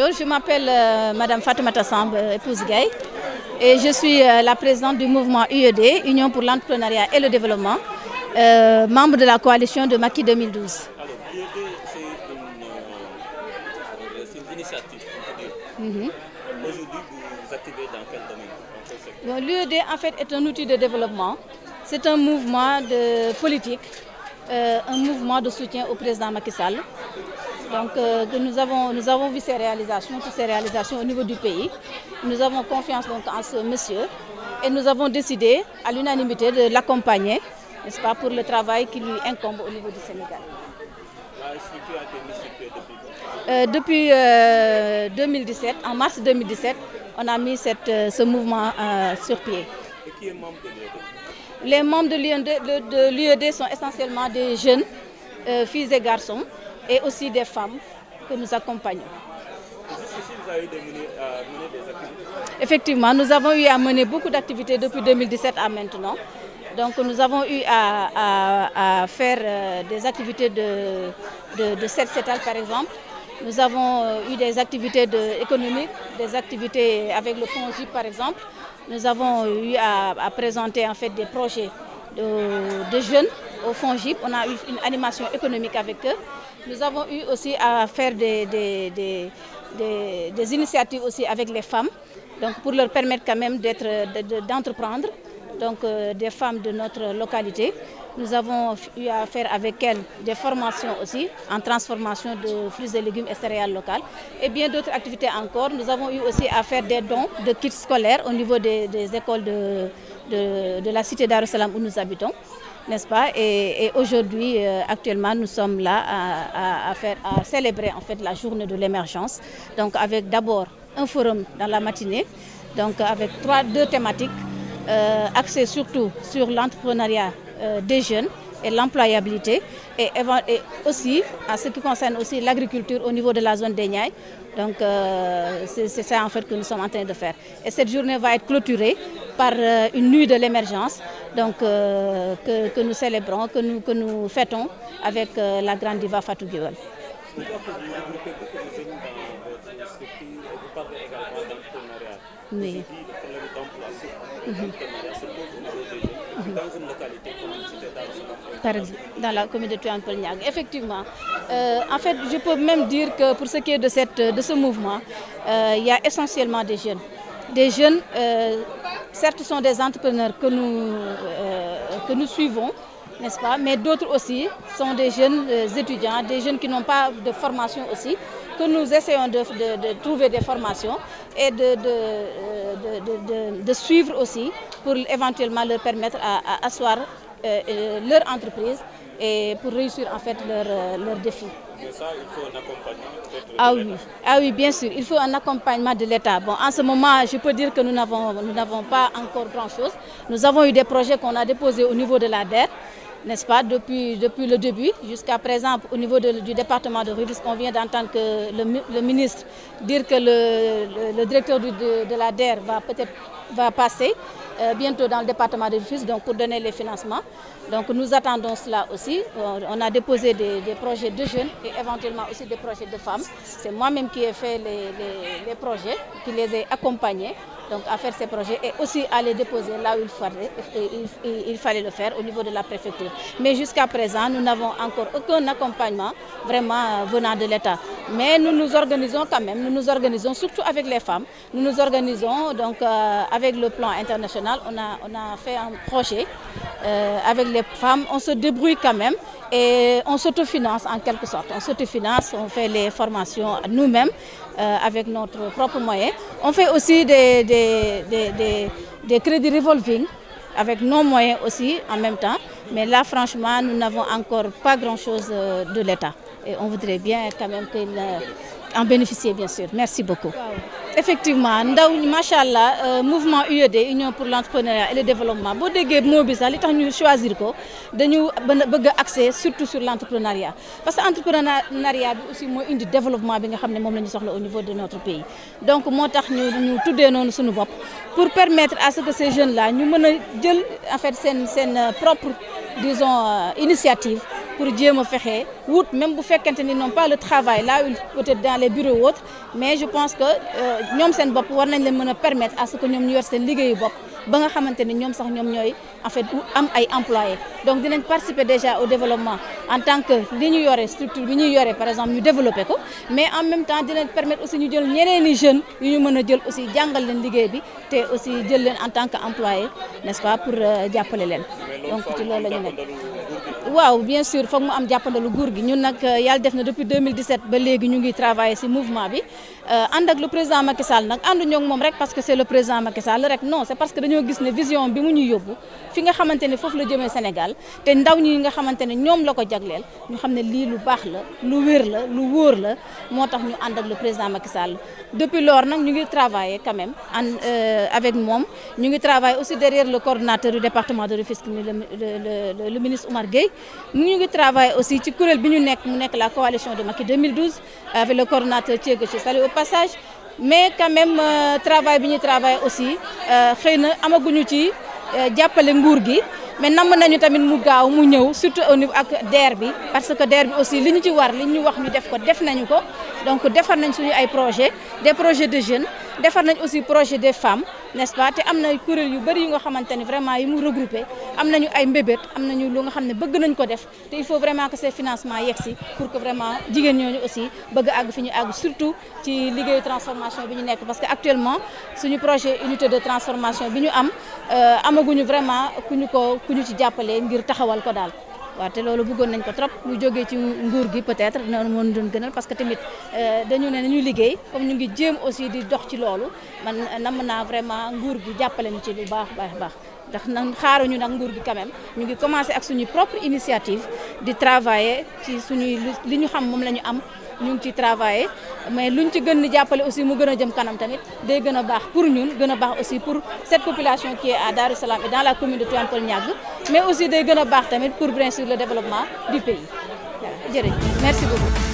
Bonjour, je m'appelle Mme euh, Madame Tassambe, euh, épouse gay, et je suis euh, la présidente du mouvement UED, Union pour l'entrepreneuriat et le développement, membre de la coalition de Maki 2012. Alors, UED, c'est une, initiative, Aujourd'hui, vous activez dans quel domaine mm-hmm. L'UED, en fait, est un outil de développement. C'est un mouvement de politique, un mouvement de soutien au président Macky Sall. Donc euh, nous, avons, vu ces réalisations, toutes ces réalisations au niveau du pays. Nous avons confiance donc en ce monsieur et nous avons décidé à l'unanimité de l'accompagner, n'est-ce pas, pour le travail qui lui incombe au niveau du Sénégal. depuis euh, depuis 2017, euh, en mars 2017, on a mis ce mouvement sur pied. Et qui est membre de l'UED e Les membres de l'UED e, e sont essentiellement des jeunes, filles et garçons, et aussi des femmes que nous accompagnons. Vous à mener des activités. Effectivement, nous avons eu à mener beaucoup d'activités depuis 2017 à maintenant. Donc nous avons eu à, faire euh, des activités de, de, de 7 par exemple. Nous avons euh, eu des activités économiques, des activités avec le Fonds JIP par exemple. Nous avons euh, eu à, présenter en fait des projets de, de jeunes au Fonds JIP. On a eu une animation économique avec eux. Nous avons eu aussi à faire des, initiatives aussi avec les femmes, pour leur permettre quand même d'entreprendre, euh, des femmes de notre localité. Nous avons eu à faire avec elles des formations aussi en transformation de fruits et légumes et céréales locales et bien d'autres activités encore. Nous avons eu aussi à faire des dons de kits scolaires au niveau des, écoles de, la cité d'Arusalam où nous habitons n'est-ce pas Et, aujourd'hui, euh, actuellement, nous sommes là à, célébrer en fait la journée de l'émergence. Donc avec d'abord un forum dans la matinée, donc avec trois, deux thématiques euh, axées surtout sur l'entrepreneuriat euh, des jeunes et l'employabilité et, aussi en ce qui concerne aussi l'agriculture au niveau de la zone des Niailles. Donc c'est ça en fait que nous sommes en train de faire. Et cette journée va être clôturée par euh, une nuit de l'émergence donc, euh, que, nous célébrons, que nous, que nous fêtons avec euh, la grande diva Fatou Gueul. Oui. Mm-hmm. dans la communauté. de Tuampelniag. Effectivement, en fait, je peux même dire que pour ce qui est de, cette, de ce mouvement, il y a essentiellement des jeunes des jeunes, euh, certes sont des entrepreneurs que nous, euh, que nous suivons, n'est-ce pas, mais d'autres aussi sont des jeunes euh, étudiants, des jeunes qui n'ont pas de formation aussi, que nous essayons de, trouver des formations et de, de, suivre aussi pour éventuellement leur permettre à, asseoir leur entreprise et pour réussir en fait leurs leur défis il faut un accompagnement ah oui. ah oui, bien sûr, il faut un accompagnement de l'État. Bon, en ce moment, je peux dire que nous n'avons pas encore grand-chose. Nous avons eu des projets qu'on a déposés au niveau de la DER, n'est-ce pas, depuis, depuis le début jusqu'à présent au niveau du département de Rubis, on vient d'entendre que le, ministre dire que le, directeur de, la DER va peut-être va passer euh, bientôt dans le département de justice donc pour donner les financements. Donc nous attendons cela aussi. On a déposé des, projets de jeunes et éventuellement aussi des projets de femmes. C'est moi-même qui ai fait les projets, qui les ai accompagnés donc à faire ces projets et aussi à les déposer là où il fallait, il, fallait le faire au niveau de la préfecture. Mais jusqu'à présent, nous n'avons encore aucun accompagnement vraiment euh, venant de l'État. Mais nous nous organisons quand même, nous nous organisons surtout avec les femmes, nous nous organisons donc euh, avec le plan international, on a, on a fait un projet euh, avec les femmes, on se débrouille quand même et on s'autofinance en quelque sorte. On s'autofinance, on fait les formations nous-mêmes euh, avec notre propre moyen. On fait aussi des, des, crédits revolving avec nos moyens aussi en même temps. Mais là, franchement, nous n'avons encore pas grand-chose euh, de l'État. Et on voudrait bien quand même qu'il en bénéficier bien sûr merci beaucoup. effectivement nous, avons allah euh, mouvement UED union pour l'entrepreneuriat et le développement nous avons choisi de nous li surtout sur l'entrepreneuriat. parce que l'entrepreneuriat est aussi un développement au niveau de notre pays donc nous avons tout donné pour permettre à ce que ces jeunes là nous faire propre disons euh, initiative pour jéem fexé wout même bu fekkente ni non pas le travail là peut-être dans les bureaux autres mais je pense que euh, ñom sen bop war nañ leen mëna permettre à ce que ñom ñu yor seen liguey bopp ba nga xamante ni ñoom sax ñom ñoy en fait am ay employés donc dinañ participer déjà au développement en tant que li ñu yore structure bi ñuy yore par exemple ñu développer ko mais en même temps dinañ permettre aussi ñu jël ñeneen i jeunes yu ñu mëna jël aussi jàngal leen liguey bi té aussi jël leen en tant que employé n'est-ce pas pour euh, jappalé leen donc ci loolu la ñu nekk waaw bien sûr foog mu am jàppandalu nguur gi ñun nag euh, yàlla def na depuis 2017 ba léegi ñu ngi travailler ci mouvement bi euh, ànd ak le président Macky Sall nag ànduñoo moom rek parce que c'est le président Macky Sall rek non c'est parce que dañoo gis ne vision bi mu ñu yóbbu fi nga xamante ne foofu la jëmee Sénégal te ndaw ñi nga xamante ne ñoom la ko jagleel ñu xam ne lii lu baax la lu wér la lu wóor la moo tax ñu ànd ak le président Macky Sall depuis lors nag ñu ngi travailler quand même ànd euh, avec moom ñu ngi travailler aussi derrière le coordinateur du département de Rufisque le le le ministre Oumar Gueye nous travaillons aussi ci la coalition de Maki 2012 avec le coordonnateur Thierry je au passage mais quand même euh, travail travaillons aussi euh, nous avons amaguñu ci euh, jàppale nguur mais nous nañu tamit mu gaaw mu surtout au niveau ak Derby parce que Derby aussi nous avons ci war li wax donc nous avons fait projets des projets de jeunes defar nañ aussi projet des femmes n'est-ce pas te am na kuréel yu bëri yu nga xamante ni vraiment yi mu regroupé am nañu ay mbébét am nañu lu nga xam bëgg nañ ko def te il faut vraiment que ces financements yegg si pour que vraiment jigéen ñooñu aussi bëgg àgg fi ñu àgg surtout ci liggéeyu transformation bi ñu nekk parce que actuellement suñu projet unité de transformation bi ñu am euh, amaguñu vraiment ku ko ku ñu ci jàppale ngir taxawal ko dal. waaw te loolu bëggoon nañ ko trop ñu jógee ci nguur gi peut-être noonu moo doon gënal parce que tamit euh, dañu ne nañu liggéey comme ñu ngi jéem aussi di dox ci loolu man nam naa vraiment nguur gi jàppale ñu ci lu baax baax baax ndax na xaaruñu nag nguur gi quand ñu ngi commencé ak suñu propre initiative di travailler ci suñuy li ñu xam moom la ñu am ñu ngi ciy travailler mais luñ ci gën di jàppale aussi mu gën a jëm kanam tamit day gën a baax pour ñun gën a baax aussi pour cette population qui est à et dans la commune de Tivaouane mais aussi day gën a baax tamit pour bien sûr le développement du pays jërëjëf merci beaucoup